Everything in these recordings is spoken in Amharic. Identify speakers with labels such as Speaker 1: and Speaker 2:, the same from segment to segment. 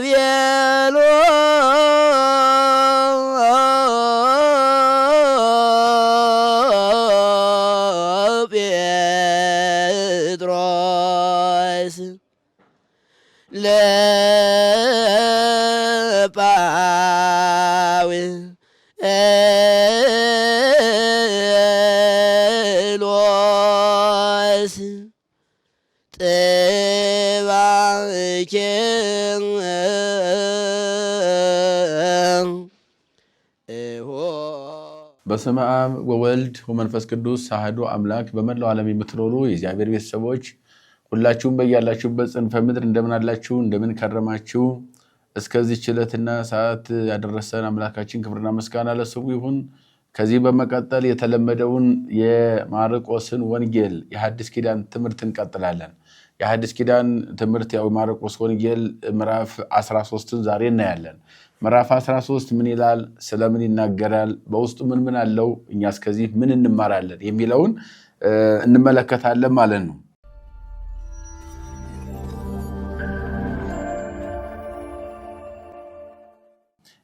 Speaker 1: ¡Bien! በስመ አብ ወወልድ ወመንፈስ ቅዱስ ሳህዶ አምላክ። በመላው ዓለም የምትኖሩ የእግዚአብሔር ቤተሰቦች ሁላችሁም በያላችሁበት ጽንፈ ምድር እንደምን አላችሁ? እንደምን ከረማችሁ? እስከዚህ ችለትና ሰዓት ያደረሰን አምላካችን ክብርና ምስጋና ለስሙ ይሁን። ከዚህ በመቀጠል የተለመደውን የማርቆስን ወንጌል የሐዲስ ኪዳን ትምህርት እንቀጥላለን። የሐዲስ ኪዳን ትምህርት ያው ማርቆስ ወንጌል ምዕራፍ 13ን ዛሬ እናያለን። ምዕራፍ 13 ምን ይላል? ስለምን ይናገራል? በውስጡ ምን ምን አለው? እኛ እስከዚህ ምን እንማራለን? የሚለውን እንመለከታለን ማለት ነው።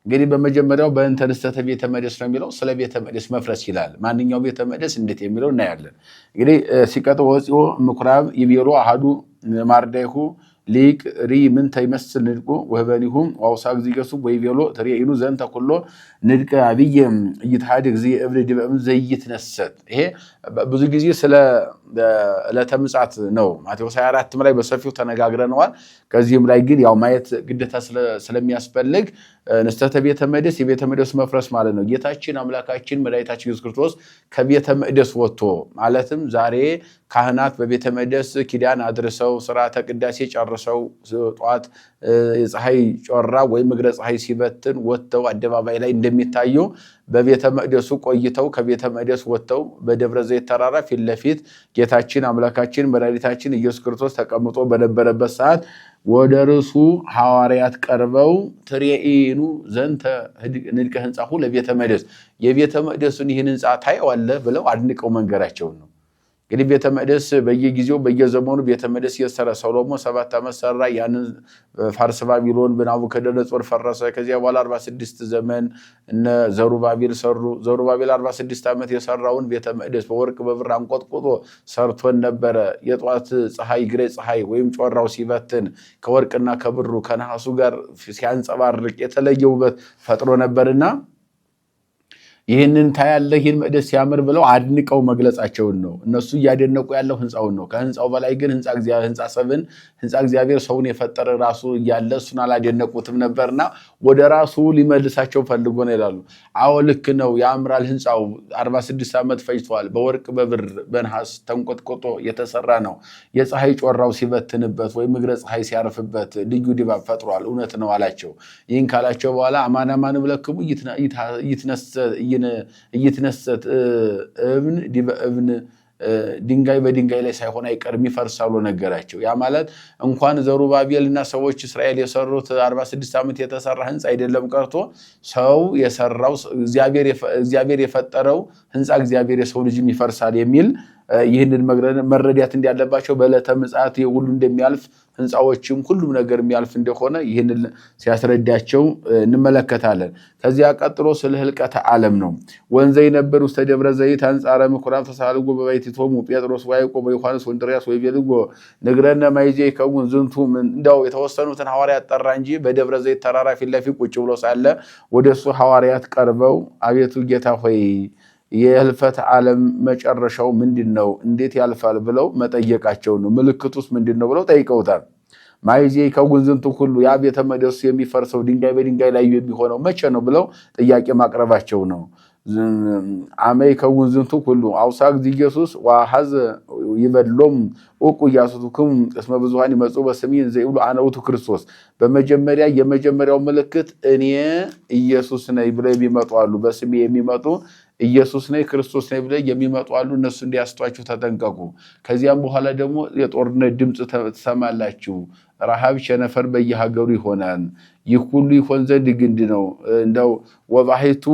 Speaker 1: እንግዲህ በመጀመሪያው በእንተንስተተ ቤተ መቅደስ ነው የሚለው ስለ ቤተ መቅደስ መፍረስ ይላል። ማንኛው ቤተ መቅደስ እንዴት የሚለው እናያለን። እንግዲህ ሲቀጥ ወፂኦ ምኩራብ ይቤሎ አሃዱ ማርዳይሁ ሊቅ ሪ ምን ይመስል ንድቁ ወህበኒሁም ዋውሳ ዋውሳግ ዚገሱ ወይቤሎ ተሪኢኑ ዘንተ ኩሎ ንድቀ አብይ እይትሓደ ዚ እብሪ ድበም ዘይትነሰት። ይሄ ብዙ ጊዜ ስለ ዕለተ ምጽአት ነው። ማቴዎስ 24 ላይ በሰፊው ተነጋግረነዋል። ከዚህም ላይ ግን ያው ማየት ግዴታ ስለሚያስፈልግ ንስተተ ቤተ መቅደስ የቤተ መቅደስ መፍረስ ማለት ነው። ጌታችን አምላካችን መድኃኒታችን ኢየሱስ ክርስቶስ ከቤተ መቅደስ ወጥቶ ማለትም ዛሬ ካህናት በቤተ መቅደስ ኪዳን አድርሰው ስርዓተ ቅዳሴ ጨርሰው ጠዋት የፀሐይ ጮራ ወይም እግረ ፀሐይ ሲበትን ወጥተው አደባባይ ላይ እንደሚታዩ በቤተ መቅደሱ ቆይተው ከቤተ መቅደስ ወጥተው በደብረ ዘይት ተራራ ፊት ለፊት ጌታችን አምላካችን መድኃኒታችን ኢየሱስ ክርስቶስ ተቀምጦ በነበረበት ሰዓት ወደ ርሱ ሐዋርያት ቀርበው ትሬኢኑ ዘንተ ንድቀ ህንፃሁ ለቤተ መቅደስ የቤተ መቅደሱን ይህን ህንፃ ታየዋለህ ብለው አድንቀው መንገራቸውን ነው። እንግዲህ ቤተ መቅደስ በየጊዜው በየዘመኑ ቤተ መቅደስ እየሰራ ሰሎሞን ሰባት ዓመት ሰራ። ያንን ፋርስ ባቢሎን በናቡከደነጾር ፈረሰ። ከዚያ በኋላ 46 ዘመን እነ ዘሩባቢል ሰሩ። ዘሩባቢል 46 ዓመት የሰራውን ቤተ መቅደስ በወርቅ በብር አንቆጥቁጦ ሰርቶን ነበረ። የጧት ፀሐይ ግሬ ፀሐይ ወይም ጮራው ሲበትን ከወርቅና ከብሩ ከነሐሱ ጋር ሲያንጸባርቅ የተለየ ውበት ፈጥሮ ነበርና ይህንን ታያለህ፣ ይህን መቅደስ ሲያምር ብለው አድንቀው መግለጻቸውን ነው። እነሱ እያደነቁ ያለው ህንፃውን ነው። ከህንፃው በላይ ግን ህንፃ ሰብን ህንፃ እግዚአብሔር ሰውን የፈጠረ ራሱ እያለ እሱን አላደነቁትም ነበርና ወደ ራሱ ሊመልሳቸው ፈልጎ ነው ይላሉ። አዎ ልክ ነው፣ ያምራል ህንፃው። 46 ዓመት ፈጅተዋል። በወርቅ በብር በነሐስ ተንቆጥቆጦ የተሰራ ነው። የፀሐይ ጮራው ሲበትንበት ወይም እግረ ፀሐይ ሲያርፍበት ልዩ ድባብ ፈጥሯል። እውነት ነው አላቸው። ይህን ካላቸው በኋላ አማን አማን እብለክሙ ግን እይትነሰት እብን ዲበ እብን ድንጋይ በድንጋይ ላይ ሳይሆን አይቀርም ይፈርሳሉ ነገራቸው። ያ ማለት እንኳን ዘሩባቤል እና ሰዎች እስራኤል የሰሩት 46 ዓመት የተሰራ ህንፃ አይደለም ቀርቶ ሰው የሰራው እግዚአብሔር የፈጠረው ህንፃ እግዚአብሔር የሰው ልጅም ይፈርሳል የሚል ይህንን መረዳት እንዳለባቸው በዕለተ ምጽአት ሁሉ እንደሚያልፍ ህንፃዎችም ሁሉም ነገር የሚያልፍ እንደሆነ ይህንን ሲያስረዳቸው እንመለከታለን። ከዚያ ቀጥሎ ስለ ህልቀተ ዓለም ነው። ወንዘ ነበር ውስተ ደብረ ዘይት አንጻረ ምኩራብ ተሳልጎ በባይቲቶሙ ጴጥሮስ ወያዕቆብ ወዮሐንስ ወንድርያስ ወይቤልጎ ንግረነ ማይዜ ከውን ዝንቱ እንዳው የተወሰኑትን ሐዋርያት ጠራ እንጂ በደብረ ዘይት ተራራ ፊት ለፊት ቁጭ ብሎ ሳለ ወደ እሱ ሐዋርያት ቀርበው አቤቱ ጌታ ሆይ የህልፈት ዓለም መጨረሻው ምንድን ነው? እንዴት ያልፋል? ብለው መጠየቃቸው ነው። ምልክቱስ ምንድን ነው ብለው ጠይቀውታል። ማይዜ ከጉንዝንቱ ሁሉ ያ ቤተ መቅደሱ የሚፈርሰው ድንጋይ በድንጋይ ላይ የሚሆነው መቼ ነው ብለው ጥያቄ ማቅረባቸው ነው። አመይ ከጉንዝንቱ ሁሉ አውሳግ ኢየሱስ ዋሃዝ ይበሎም እቁ ኢያሱትክሙ እስመ ብዙሃን ይመጹ በስሜ ዘይብሉ አነ ውእቱ ክርስቶስ። በመጀመሪያ የመጀመሪያው ምልክት እኔ ኢየሱስ ነኝ ብለው የሚመጡ አሉ። በስሜ የሚመጡ ኢየሱስ ነይ ክርስቶስ ነይ ብለ የሚመጡ አሉ። እነሱ እንዲያስቷችሁ ተጠንቀቁ። ከዚያም በኋላ ደግሞ የጦርነት ድምፅ ትሰማላችሁ። ረሃብ፣ ቸነፈር በየሀገሩ ይሆናል። ይህ ሁሉ ይሆን ዘንድ ግንድ ነው። እንደው ወባሂቱ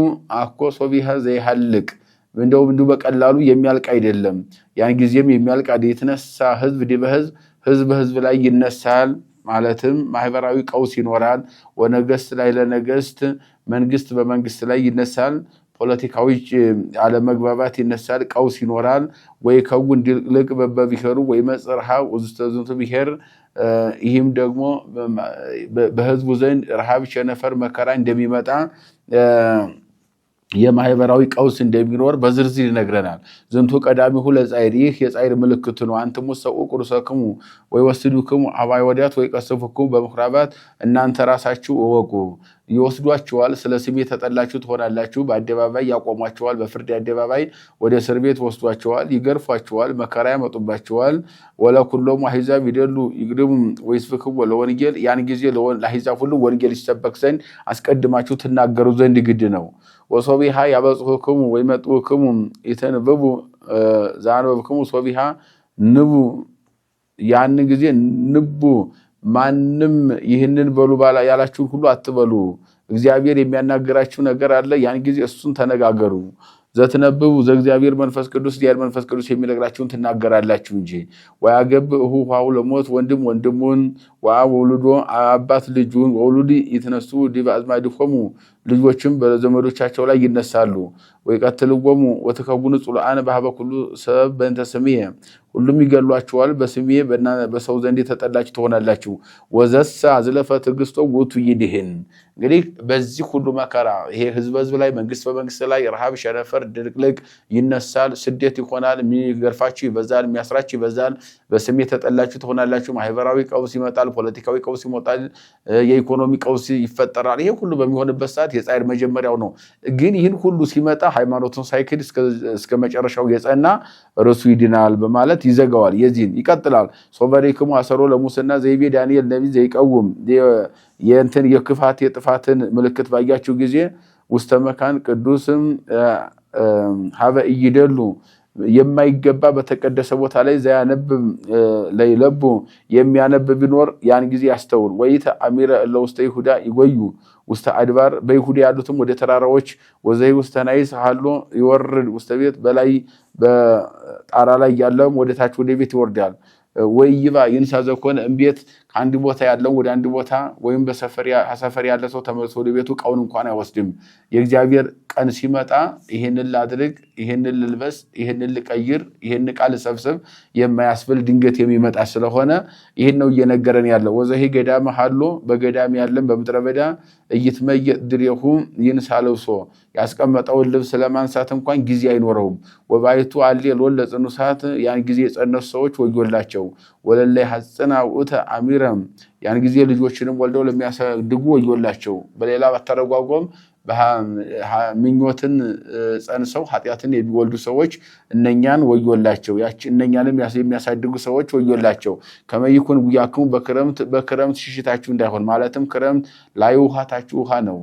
Speaker 1: አኮ ሶቢሃ ዘይሃልቅ እንደው እንዲሁ በቀላሉ የሚያልቅ አይደለም። ያን ጊዜም የሚያልቅ የተነሳ ህዝብ በህዝብ ህዝብ ህዝብ ላይ ይነሳል። ማለትም ማህበራዊ ቀውስ ይኖራል። ወነገስት ላይ ለነገስት መንግስት በመንግስት ላይ ይነሳል። ፖለቲካዊ አለመግባባት ይነሳል፣ ቀውስ ይኖራል። ወይ ከው እንዲልቅ በበብሔሩ ወይ መፅርሃ ውስተ ዝንቱ ብሔር ይህም ደግሞ በህዝቡ ዘንድ ረሃብ፣ ቸነፈር፣ መከራ እንደሚመጣ የማህበራዊ ቀውስ እንደሚኖር በዝርዝር ይነግረናል። ዝንቱ ቀዳሚሁ ለጻዕር፣ ይህ የጻይር ምልክት ነው። አንትሙ ሰው ቁርሰክሙ ወይ ወስዱክሙ አባይ ወዲያት ወይ ቀስፉክሙ በምኩራባት፣ እናንተ ራሳችሁ እወቁ። ይወስዷችኋል፣ ስለ ስሜ ተጠላችሁ ትሆናላችሁ፣ በአደባባይ ያቆሟችኋል፣ በፍርድ አደባባይ ወደ እስር ቤት ወስዷችኋል፣ ይገርፏችኋል፣ መከራ ያመጡባችኋል። ወለኩሎሙ አሂዛብ ይደሉ ይግድሙ ወይስፍክሙ ለወንጌል፣ ያን ጊዜ ለአሂዛብ ሁሉ ወንጌል ይሰበክ ዘንድ አስቀድማችሁ ትናገሩ ዘንድ ግድ ነው። ወሶቢሃ ያበጽሑክሙ ወይመጥኡክሙ ኢተንብቡ ዛንበብክሙ ሶቢሃ ንቡ ያን ጊዜ ንቡ ማንም ይህንን በሉ ያላችሁን ሁሉ አትበሉ። እግዚአብሔር የሚያናግራችሁ ነገር አለ። ያን ጊዜ እሱን ተነጋገሩ። ዘትነብቡ ዘእግዚአብሔር መንፈስ ቅዱስ እግዚአብሔር መንፈስ ቅዱስ የሚነግራችሁን ትናገራላችሁ እንጂ ወያገብእሁ ኋሁ ለሞት ወንድም ወንድሙን ወውሉዶ አባት ልጁን ወውሉድ ይትነሱ ዲበ አዝማዲሆሙ ልጆችም በዘመዶቻቸው ላይ ይነሳሉ። ወይቀትልዎሙ ወትከውኑ ጽሉአን በሀበ ኩሉ ሰበብ በእንተ ስምየ፣ ሁሉም ይገሏቸዋል በስሜ በሰው ዘንድ የተጠላችሁ ትሆናላችሁ። ወዘሳ ዝለፈ ትዕግስቶ ውእቱ ይድህን። እንግዲህ በዚህ ሁሉ መከራ ይሄ ህዝብ ህዝብ ላይ መንግስት በመንግስት ላይ ረሃብ፣ ሸነፈር፣ ድርቅልቅ ይነሳል። ስደት ይሆናል። የሚገርፋችሁ ይበዛል፣ የሚያስራችሁ ይበዛል። በስሜ የተጠላችሁ ትሆናላችሁ። ማህበራዊ ቀውስ ይመጣል፣ ፖለቲካዊ ቀውስ ይመጣል፣ የኢኮኖሚ ቀውስ ይፈጠራል። ይሄ ሁሉ በሚሆንበት ሰዓት የጻድቅ መጀመሪያው ነው። ግን ይህን ሁሉ ሲመጣ ሃይማኖቱን ሳይክድ እስከ መጨረሻው የጸና እርሱ ይድናል በማለት ይዘጋዋል። የዚህን ይቀጥላል። ሶበሬክሙ አሰሮ ለሙስና ዘይቤ ዳንኤል ነቢ ዘይቀውም የእንትን የክፋት የጥፋትን ምልክት ባያችሁ ጊዜ ውስተ መካን ቅዱስም ሀበ እይደሉ የማይገባ በተቀደሰ ቦታ ላይ ዘያነብብ ለይለቡ የሚያነብ ቢኖር ያን ጊዜ ያስተውል። ወይተ አሚረ ለውስተ ይሁዳ ይጎዩ ውስተ አድባር በይሁድ ያሉትም ወደ ተራራዎች ወዘይ ውስተ ናይስ ሀሎ ይወርድ ውስተ ቤት በላይ በጣራ ላይ ያለውም ወደ ታች ወደ ቤት ይወርዳል። ወይ ይባ ይንሳ ዘኮነ እምቤት ከአንድ ቦታ ያለው ወደ አንድ ቦታ ወይም በሰፈር ያለ ሰው ተመልሶ ወደ ቤቱ ቀውን እንኳን አይወስድም የእግዚአብሔር ቀን ሲመጣ ይሄንን ላድርግ፣ ይሄንን ልልበስ፣ ይሄንን ልቀይር፣ ይሄን ቃል ሰብስብ የማያስብል ድንገት የሚመጣ ስለሆነ ይህን ነው እየነገረን ያለው። ወዘሄ ገዳመ ሀሎ በገዳም ያለን በምድረ በዳ እይትመየጥ ድሬሁ ይንሳ ለብሶ ያስቀመጠውን ልብስ ለማንሳት እንኳን ጊዜ አይኖረውም። ወባይቱ አሌ ሎል ለጽኑ ሰዓት ያን ጊዜ የጸነሱ ሰዎች ወዮላቸው። ወለላይ ሀፅና ውእተ አሚረም ያን ጊዜ ልጆችንም ወልደው ለሚያሳድጉ ወዮላቸው። በሌላ ባተረጓጎም ምኞትን ጸንሰው ኃጢአትን የሚወልዱ ሰዎች እነኛን ወዮላቸው። እነኛንም የሚያሳድጉ ሰዎች ወዮላቸው። ከመይኩን ጉያክሙ በክረምት በክረምት ሽሽታችሁ እንዳይሆን ማለትም ክረምት ላይ ውሃታችሁ ውሃ ነው።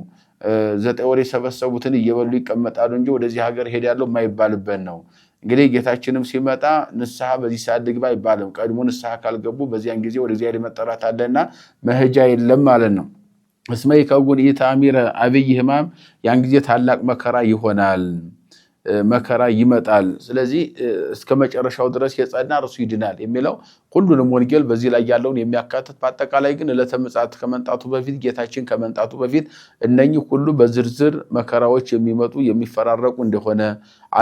Speaker 1: ዘጠኝ ወር የሰበሰቡትን እየበሉ ይቀመጣሉ እንጂ ወደዚህ ሀገር ሄዳለሁ የማይባልበት ነው። እንግዲህ ጌታችንም ሲመጣ ንስሐ በዚህ ሰዓት ልግባ አይባልም። ቀድሞ ንስሐ ካልገቡ በዚያን ጊዜ ወደ እግዚአብሔር መጠራት አለና መሄጃ የለም ማለት ነው። እስመ ይከውን ኢታሚረ አብይ ህማም፣ ያን ጊዜ ታላቅ መከራ ይሆናል፣ መከራ ይመጣል። ስለዚህ እስከ መጨረሻው ድረስ የጸና እርሱ ይድናል የሚለው ሁሉንም ወንጌል በዚህ ላይ ያለውን የሚያካትት በአጠቃላይ ግን ዕለተ ምጽአት ከመምጣቱ በፊት ጌታችን ከመምጣቱ በፊት እነኚህ ሁሉ በዝርዝር መከራዎች የሚመጡ የሚፈራረቁ እንደሆነ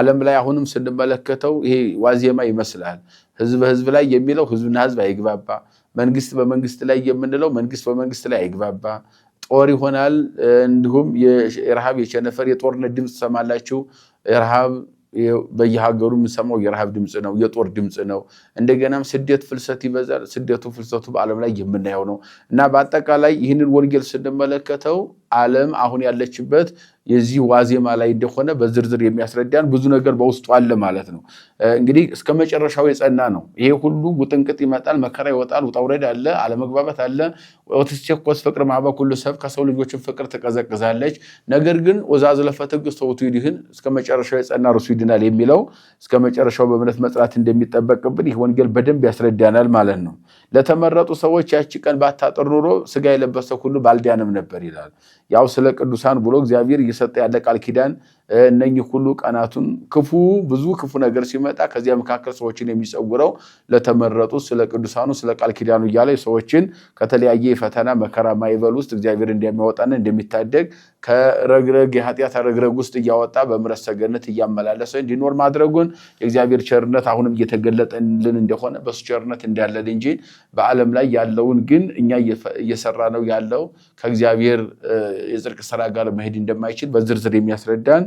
Speaker 1: ዓለም ላይ አሁንም ስንመለከተው ይሄ ዋዜማ ይመስላል። ህዝብ በህዝብ ላይ የሚለው ህዝብና ህዝብ አይግባባ፣ መንግስት በመንግስት ላይ የምንለው መንግስት በመንግስት ላይ አይግባባ ጦር ይሆናል። እንዲሁም የረሃብ የቸነፈር የጦርነት ድምፅ ትሰማላችሁ። ረሃብ በየሀገሩ የምንሰማው የረሃብ ድምፅ ነው፣ የጦር ድምፅ ነው። እንደገናም ስደት ፍልሰት ይበዛል። ስደቱ ፍልሰቱ በዓለም ላይ የምናየው ነው እና በአጠቃላይ ይህንን ወንጌል ስንመለከተው ዓለም አሁን ያለችበት የዚህ ዋዜማ ላይ እንደሆነ በዝርዝር የሚያስረዳን ብዙ ነገር በውስጡ አለ ማለት ነው። እንግዲህ እስከ መጨረሻው የጸና ነው። ይሄ ሁሉ ውጥንቅጥ ይመጣል፣ መከራ ይወጣል፣ ውጣውረድ አለ፣ አለመግባባት አለ። ወትስቸኮስ ፍቅር ማህበ ኩሉ ሰብ ከሰው ልጆችን ፍቅር ትቀዘቅዛለች። ነገር ግን ወዛዝ ለፈትግሥቶ ውእቱ ይድህን እስከ መጨረሻው የጸና ርሱ ይድናል የሚለው እስከ መጨረሻው በእምነት መጽናት እንደሚጠበቅብን ይህ ወንጌል በደንብ ያስረዳናል ማለት ነው። ለተመረጡ ሰዎች ያቺ ቀን ባታጥር ኑሮ ስጋ የለበሰ ሁሉ ባልዲያንም ነበር ይላል። ያው ስለ ቅዱሳን ብሎ እግዚአብሔር እየሰጠ ያለ ቃል ኪዳን እነኚህ ሁሉ ቀናቱን ክፉ ብዙ ክፉ ነገር ሲመጣ ከዚያ መካከል ሰዎችን የሚሰውረው ለተመረጡ ስለ ቅዱሳኑ ስለ ቃል ኪዳኑ እያለ ሰዎችን ከተለያየ ፈተና መከራ ማይበል ውስጥ እግዚአብሔር እንደሚያወጣና እንደሚታደግ ከረግረግ የኃጢአት ረግረግ ውስጥ እያወጣ በምሕረት ሰገነት እያመላለሰ እንዲኖር ማድረጉን የእግዚአብሔር ቸርነት አሁንም እየተገለጠልን እንደሆነ በሱ ቸርነት እንዳለን እንጂ በዓለም ላይ ያለውን ግን እኛ እየሰራ ነው ያለው ከእግዚአብሔር የጽድቅ ስራ ጋር መሄድ እንደማይችል በዝርዝር የሚያስረዳን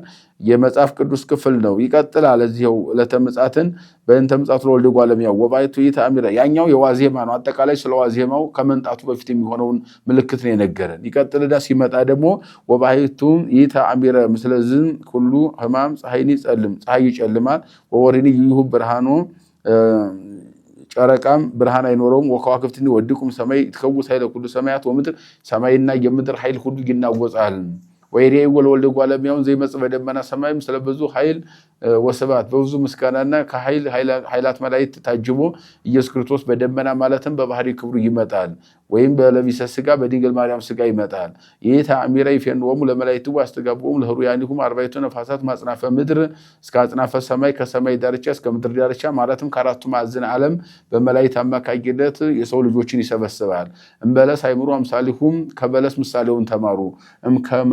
Speaker 1: የመጽሐፍ ቅዱስ ክፍል ነው። ይቀጥላል። እዚው ለተምጻትን በእንተ ምጻት ለወልድ ጓለም ያው ወባይቱ ይታሚረ ያኛው የዋዜማ ነው። አጠቃላይ ስለ ዋዜማው ከመምጣቱ በፊት የሚሆነውን ምልክት ነው የነገረን። ይቀጥልና ሲመጣ ደግሞ ወባይቱ ይታሚረ ምስለዝም ሁሉ ህማም ፀሐይን ይጸልም ፀሐይ ይጨልማል። ወወሪኒ ይሁ ብርሃኑ ጨረቃም ብርሃን አይኖረውም። ወከዋክብትኒ ወድቁም ሰማይ ትከውስ ኃይለ ሁሉ ሰማያት ወምድር ሰማይና የምድር ኃይል ሁሉ ይናወጻል። ወይሬው ወልወልድ ጓለ እሚያውን ዘይመጽእ በደመና ሰማይም ስለ ብዙ ኃይል ወስብሐት በብዙ ምስጋናና ከኃይል ኃይላት መላእክት ታጅቦ ኢየሱስ ክርስቶስ በደመና ማለትም በባህሪ ክብሩ ይመጣል ወይም በለቢሰ ስጋ በድንግል ማርያም ስጋ ይመጣል። ይህ ተአሚረ ይፌንወሙ ለመላይቱ አስተጋብኦሙ ለህሩያኒሁም አርባዕቱ ነፋሳት ማጽናፈ ምድር እስከ አጽናፈ ሰማይ ከሰማይ ዳርቻ እስከ ምድር ዳርቻ ማለትም ከአራቱ ማዕዘን ዓለም በመላይት አማካኝነት የሰው ልጆችን ይሰበስባል። እምበለስ አይምሩ አምሳሊሁም ከበለስ ምሳሌውን ተማሩ። እምከመ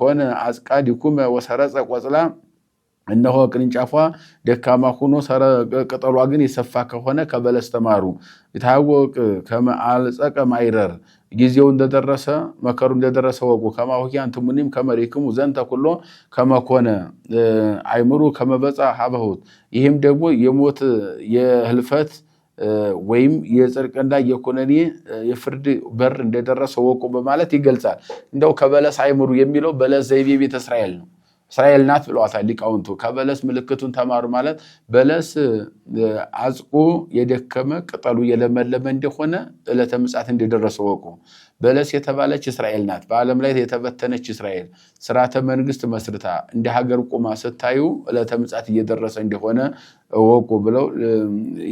Speaker 1: ኮነ አጽቃዲኩመ ወሰረፀ ቆጽላ እነሆ ቅርንጫፏ ደካማ ሆኖ ቅጠሏ ግን የሰፋ ከሆነ ከበለስ ተማሩ። ይታወቅ ከመአልጸቀ ማይረር ጊዜው እንደደረሰ መከሩ እንደደረሰ ወቁ ከማሁኪያን ትሙኒም ከመሪክሙ ዘንተ ኩሎ ከመኮነ አይምሩ ከመበፃ ሀበሁት ይህም ደግሞ የሞት የህልፈት ወይም የጽድቅና የኩነኔ የፍርድ በር እንደደረሰ ወቁ በማለት ይገልጻል። እንደው ከበለስ አይምሩ የሚለው በለስ ዘይቤ ቤተ እስራኤል ነው። እስራኤል ናት ብለዋታል ሊቃውንቱ። ከበለስ ምልክቱን ተማሩ ማለት በለስ አጽቁ የደከመ ቅጠሉ የለመለመ እንደሆነ ዕለተ ምጽአት እንደደረሰ ወቁ። በለስ የተባለች እስራኤል ናት። በዓለም ላይ የተበተነች እስራኤል ስርዓተ መንግስት መስርታ እንደ ሀገር ቁማ ስታዩ ዕለተ ምጽአት እየደረሰ እንደሆነ ወቁ ብለው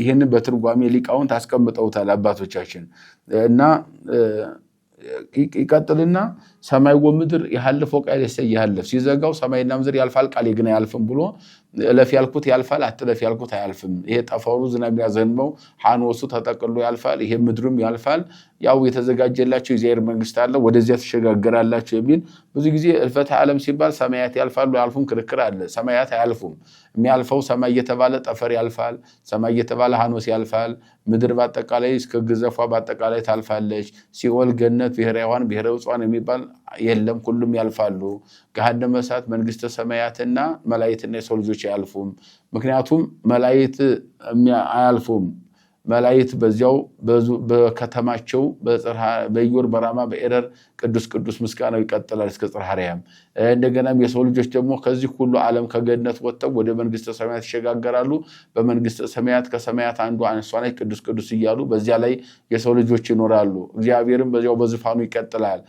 Speaker 1: ይህንን በትርጓሜ ሊቃውንት አስቀምጠውታል አባቶቻችን እና ይቀጥልና ሰማይ ወምድር የሐልፍ ቃል የሰይ ይሐልፍ ሲዘጋው ሰማይና ምድር ያልፋል ቃሌ ግን አያልፍም ብሎ እለፍ ያልኩት ያልፋል፣ አትለፍ ያልኩት አያልፍም። ይሄ ጠፈሩ ዝናብ ያዘንበው ሐኖሱ ተጠቅሎ ያልፋል፣ ይሄ ምድርም ያልፋል። ያው የተዘጋጀላቸው የእግዚአብሔር መንግስት አለ፣ ወደዚያ ትሸጋገራላቸው የሚል ብዙ ጊዜ እልፈተ ዓለም ሲባል ሰማያት ያልፋሉ አያልፉም ክርክር አለ። ሰማያት አያልፉም። የሚያልፈው ሰማይ እየተባለ ጠፈር ያልፋል፣ ሰማይ እየተባለ ሐኖስ ያልፋል። ምድር በአጠቃላይ እስከ ግዘፏ በአጠቃላይ ታልፋለች። ሲኦል፣ ገነት፣ ብሔረ ሕያዋን፣ ብሔረ ብፁዓን የሚባል የለም ሁሉም ያልፋሉ። ገሃነመ እሳት መንግስተ ሰማያትና መላእክትና የሰው ልጆች አያልፉም። ምክንያቱም መላእክት አያልፉም መላይት በዚያው በከተማቸው በኢዮር በራማ በኤረር ቅዱስ ቅዱስ ምስጋናው ይቀጥላል እስከ ጽርሐ አርያም። እንደገናም የሰው ልጆች ደግሞ ከዚህ ሁሉ ዓለም ከገነት ወጥተው ወደ መንግስተ ሰማያት ይሸጋገራሉ። በመንግስተ ሰማያት ከሰማያት አንዱ አንሷ ነች ቅዱስ ቅዱስ እያሉ በዚያ ላይ የሰው ልጆች ይኖራሉ። እግዚአብሔርም በዚያው በዙፋኑ ይቀጥላል።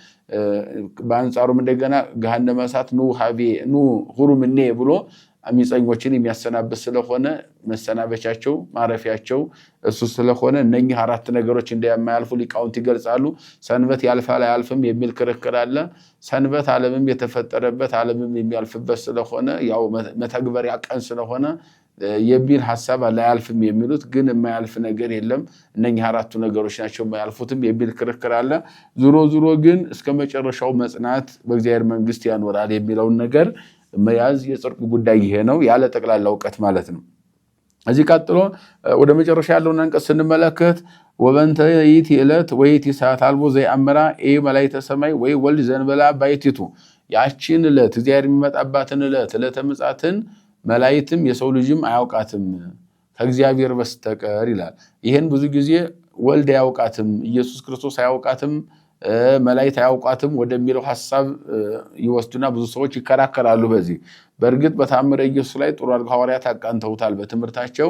Speaker 1: በአንጻሩም እንደገና ገሃነመ እሳት ኑ ሀቤ ኑ ሁሩምኔ ብሎ አሚፀኞችን የሚያሰናብት ስለሆነ መሰናበቻቸው ማረፊያቸው እሱ ስለሆነ እነኚህ አራት ነገሮች እንደማያልፉ ሊቃውንት ይገልጻሉ። ሰንበት ያልፋል አያልፍም የሚል ክርክር አለ። ሰንበት ዓለምም የተፈጠረበት ዓለምም የሚያልፍበት ስለሆነ ያው መተግበሪያ ቀን ስለሆነ የሚል ሀሳብ ላያልፍም የሚሉት ግን የማያልፍ ነገር የለም እነኚህ አራቱ ነገሮች ናቸው የማያልፉትም የሚል ክርክር አለ። ዙሮ ዙሮ ግን እስከ መጨረሻው መጽናት በእግዚአብሔር መንግስት ያኖራል የሚለውን ነገር መያዝ የጽድቅ ጉዳይ ይሄ ነው ያለ ጠቅላላ እውቀት ማለት ነው። እዚህ ቀጥሎ ወደ መጨረሻ ያለውን አንቀጽ ስንመለከት ወበንተ ይእቲ ዕለት ወይእቲ ሰዓት አልቦ ኤ መላእክተ ሰማይ ወይ ወልድ ዘንበላ ባይቲቱ ያችን ዕለት እግዚአብሔር የሚመጣባትን ዕለት ዕለተ ምጻትን መላእክትም የሰው ልጅም አያውቃትም ከእግዚአብሔር በስተቀር ይላል። ይህን ብዙ ጊዜ ወልድ አያውቃትም፣ ኢየሱስ ክርስቶስ አያውቃትም መላእክት አያውቋትም ወደሚለው ሀሳብ ይወስዱና ብዙ ሰዎች ይከራከራሉ። በዚህ በእርግጥ በታምረ ኢየሱስ ላይ ጥሩ አድርገው ሐዋርያት አቃንተውታል በትምህርታቸው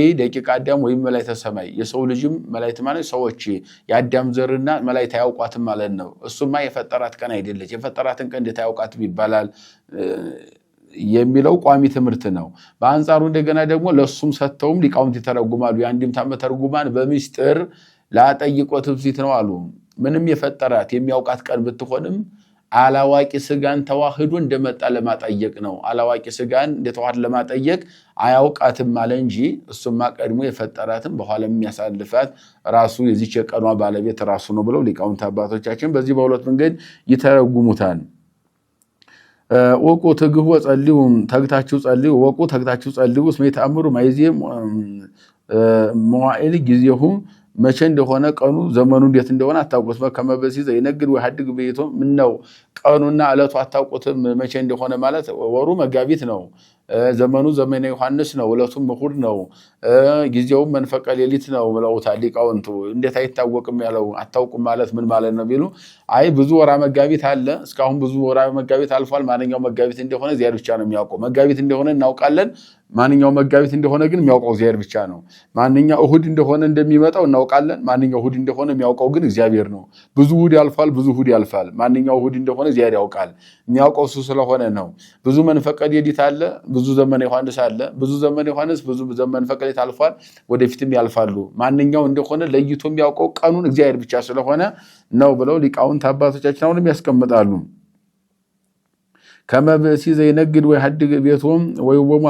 Speaker 1: ኢ ደቂቀ አዳም ወይም መላእክተ ሰማይ የሰው ልጅም መላእክት ማለት ሰዎች የአዳም ዘርና መላእክት አያውቋትም ማለት ነው። እሱማ የፈጠራት ቀን አይደለች፣ የፈጠራትን ቀን እንዴት አያውቃትም ይባላል የሚለው ቋሚ ትምህርት ነው። በአንጻሩ እንደገና ደግሞ ለእሱም ሰጥተውም ሊቃውንት ይተረጉማሉ። የአንድምታ መተርጉማን በሚስጥር ላጠይቆት ትብሲት ነው አሉ። ምንም የፈጠራት የሚያውቃት ቀን ብትሆንም አላዋቂ ስጋን ተዋህዶ እንደመጣ ለማጠየቅ ነው። አላዋቂ ስጋን እንደተዋህድ ለማጠየቅ አያውቃትም አለ እንጂ እሱማ ቀድሞ የፈጠራትም በኋላ የሚያሳልፋት ራሱ የዚች የቀኗ ባለቤት ራሱ ነው ብለው ሊቃውንት አባቶቻችን በዚህ በሁለት መንገድ ይተረጉሙታል። ወቁ ትግሁ ወጸልዩ ተግታችሁ ጸልዩ። ወቁ ተግታችሁ ጸልዩ። እስመ ይተአምሩ ማይዜ መዋዕል ጊዜሁ መቼ እንደሆነ ቀኑ ዘመኑ እንዴት እንደሆነ አታውቁት። ከመበስ ከመበሲ ዘይነግድ ወይሀድግ ቤቶ ምነው ቀኑና እለቱ አታውቁትም? መቼ እንደሆነ ማለት ወሩ መጋቢት ነው። ዘመኑ ዘመነ ዮሐንስ ነው። እለቱም እሑድ ነው። ጊዜውም መንፈቀ ሌሊት ነው ብለውታል ሊቃውንቱ። እንዴት አይታወቅም ያለው አታውቁም ማለት ምን ማለት ነው ቢሉ፣ አይ ብዙ ወራ መጋቢት አለ። እስካሁን ብዙ ወራ መጋቢት አልፏል። ማንኛው መጋቢት እንደሆነ እዚያ ብቻ ነው የሚያውቀው። መጋቢት እንደሆነ እናውቃለን ማንኛው መጋቢት እንደሆነ ግን የሚያውቀው እግዚአብሔር ብቻ ነው። ማንኛው እሁድ እንደሆነ እንደሚመጣው እናውቃለን። ማንኛው እሁድ እንደሆነ የሚያውቀው ግን እግዚአብሔር ነው። ብዙ እሁድ ያልፋል፣ ብዙ እሁድ ያልፋል። ማንኛው እሁድ እንደሆነ እግዚአብሔር ያውቃል። የሚያውቀው እሱ ስለሆነ ነው። ብዙ መንፈቀድ የዲት አለ፣ ብዙ ዘመነ ዮሐንስ አለ። ብዙ ዘመነ ዮሐንስ፣ ብዙ መንፈቀ ሌሊት አልፏል፣ ወደፊትም ያልፋሉ። ማንኛው እንደሆነ ለይቶ የሚያውቀው ቀኑን እግዚአብሔር ብቻ ስለሆነ ነው ብለው ሊቃውንት አባቶቻችን አሁንም ያስቀምጣሉ። ከመብእሲ ዘይነግድ ወይ ሀድግ ቤቶም ወይ ወሙ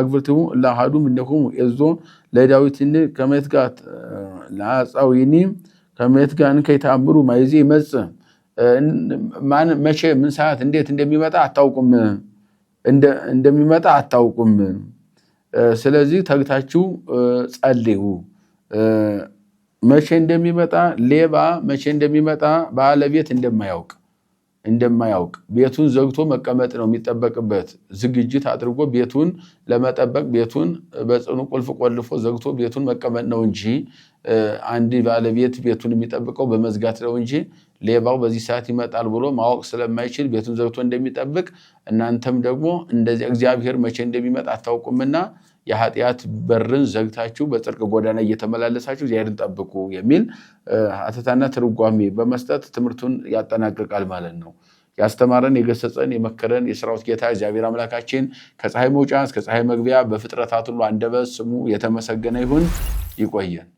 Speaker 1: አግብርቲሙ ላሃዱ ምንደኩም የዞ ለዳዊትን ከመት ጋር ለአጻዊኒ ከመት ጋር እንከይታምሩ ማይዜ ይመጽ ማን መቼ ምን ሰዓት እንዴት እንደሚመጣ አታውቁም እንደሚመጣ አታውቁም። ስለዚህ ተግታችሁ ጸልዩ። መቼ እንደሚመጣ ሌባ መቼ እንደሚመጣ ባለቤት እንደማያውቅ እንደማያውቅ ቤቱን ዘግቶ መቀመጥ ነው የሚጠበቅበት። ዝግጅት አድርጎ ቤቱን ለመጠበቅ ቤቱን በጽኑ ቁልፍ ቆልፎ ዘግቶ ቤቱን መቀመጥ ነው እንጂ አንድ ባለቤት ቤቱን የሚጠብቀው በመዝጋት ነው እንጂ ሌባው በዚህ ሰዓት ይመጣል ብሎ ማወቅ ስለማይችል ቤቱን ዘግቶ እንደሚጠብቅ እናንተም ደግሞ እንደዚያ እግዚአብሔር መቼ እንደሚመጣ አታውቁምና የኃጢአት በርን ዘግታችሁ በጽድቅ ጎዳና እየተመላለሳችሁ እግዚአብሔርን ጠብቁ የሚል ሐተታና ትርጓሜ በመስጠት ትምህርቱን ያጠናቅቃል ማለት ነው። ያስተማረን የገሰጸን የመከረን የሰራዊት ጌታ እግዚአብሔር አምላካችን ከፀሐይ መውጫ እስከ ፀሐይ መግቢያ በፍጥረታት ሁሉ አንደበት ስሙ የተመሰገነ ይሁን። ይቆየን።